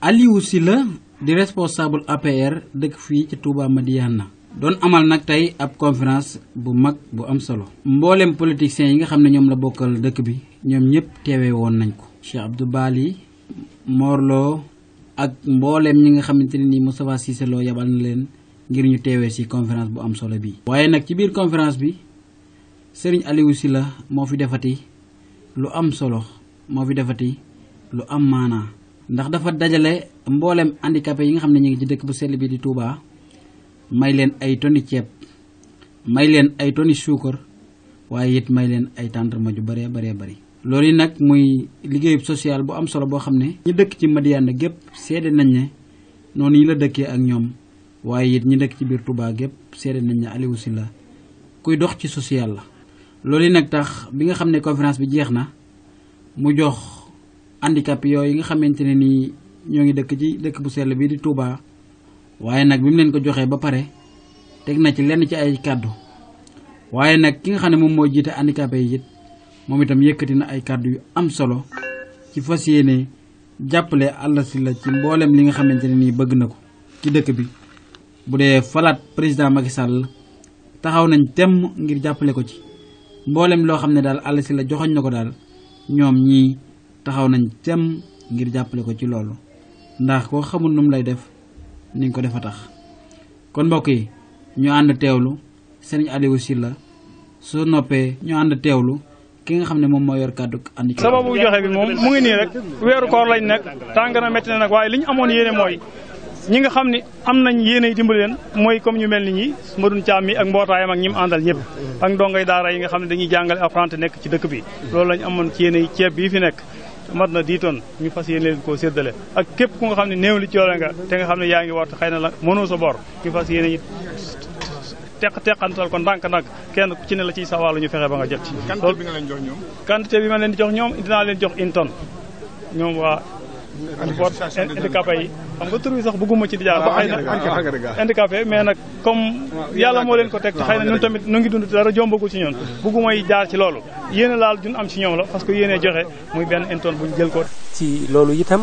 Ali wusila di responsable APR dekk fi ci Touba Madiyana don amal nak tay ab conférence bu mag bu am solo mbollem politiciens yi nga xamne ñom la bokkal dekk bi ñom ñep tewé won nañ ko Cheikh Abdou Bali Morlo ak mbollem ñi nga xamanteni ni nii Moustapha Cissé Lo yabal na len ngir ñu tewé ci conférence bu am solo bi waye nak ci biir conférence bi Serigne Ali wusila mo fi defati lu am solo mo fi defati lu am mana ndax dafa dajale mbollem handicapé yi nga xam ñi ngi ci dëkk bu sel bi di Touba may leen ay toni ceeb may leen ay toni sucre waye it may leen ay ma ju bare bare bare loolu nak muy liggéeyub social bu am solo bo xam ñi dëkk ci Madiyana gep sédé nañ ne non yi la dëkkee ak ñom waye it ñi dëkk ci bir Touba gep sédé nañ ne Ali Sylla kuy dox ci social la. loolu nak tax bi nga xam conférence bi jeexna mu jox handicap yooyu nga xamanteni ni ñoo ngi dëkk ci dëkk bu sell bi di Touba waye nak bimu leen ko joxe ba paré tek na ci lenn ci ay cadeau waye nak ki nga xamne mom mo jité handicapé yi it moom itam na ay cadeau yu am solo ci fasiyene jappalé Allah ci la ci mbolém li nga xamanteni ne bëgg nako ci dëkk bi bu dee président Macky Sall taxaw nañ tém ngir jappalé ko ci mbolém lo xamne dal Allah ci la joxagn nako dal ñom ñi taxaw nañ tem ngir jàppale ko ci loolu ndax koo xamul nu mu lay def niñ ko def a tax kon mbokk yi ñu ànd teewlu sëriñ Aliou Sylla soo noppee ñu ànd teewlu ki nga xam ne moom moo yor kàddu ànd sababu joxe bi moom mu ngi nii rek weeru koor lañ nekk tàng na métti na nag waaye li ñu amoon yéene mooy ñi nga xam ne am nañ yéenay dimbali leen mooy comme ñu mel ni ñi madun caam mi ak mbootaayam ak ñi àndal ñëpp ak ndongay daara yi nga xam ne dañuy mat na 10 tonnes ñu fas yéene leen koo séddale ak képp ku nga xam ne néew li ci yoole nga te nga xam ne yaa ngi war te na la mënoo sa bor ñu fas yéene ñi teq teqantal ko ndànk-ndànk kenn ku ci ne la ciy sawaalu ñu fexe ba nga jot ci loolu bi nga leen jox ñoom quantité bi ma leen di jox ñoom dinaa leen jox une tonne ñoom waa xam nga tur sax bëgguma ci di jaar ba xëy na handicapé mais nag comme yàlla moo leen ko teg te xëy na ñun tamit nu ngi dund dara jombagul ci ñoon bëggumay jaar ci loolu yéen laal jun am ci ñoom la parce que yéenee joxe muy benn intone bu ñu jël ko ci loolu itam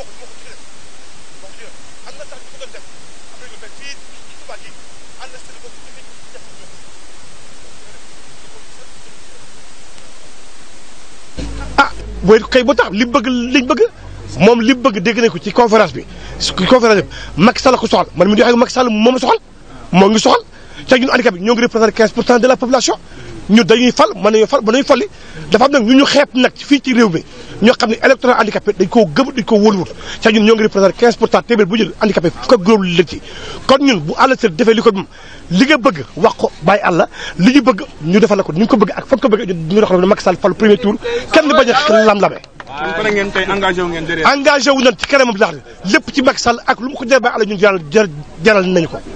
ñoo ko ñoo ko tuddee donc yooyu am na ci Touba gi bëgg li bëgg dégg nañ ko ci conférence bi conférence bi Macky Sall ko soxal man mi di wax ak moom soxal moo ngi soxal te ñun handicapé ñoo ngi représenté 15 pour de la population ñun dañuy fal ma nañu fal mën nañu fali dafa am nag ñu ñu xeeb nag fii ci réew mi ñoo xam ne électoral handicapé dañ koo gëm dañ koo wóoluwut ca ñun ñoo ngi représenté 15 pour cent téeméer bu jël handicapé fukk ak juróom li ko bëgg wax ko bàyyi àlla li ñu bëgg ñu defal ko ni ñu ko bëgg ak fan ko bëgg ñu doxal ne Macky Sall fal premier tour kenn bañ lam-lame engagé wu nañ ci kanamam laax lépp ci Macky Sall ak lu mu ko jar bàyyi ñun jaral nañu ko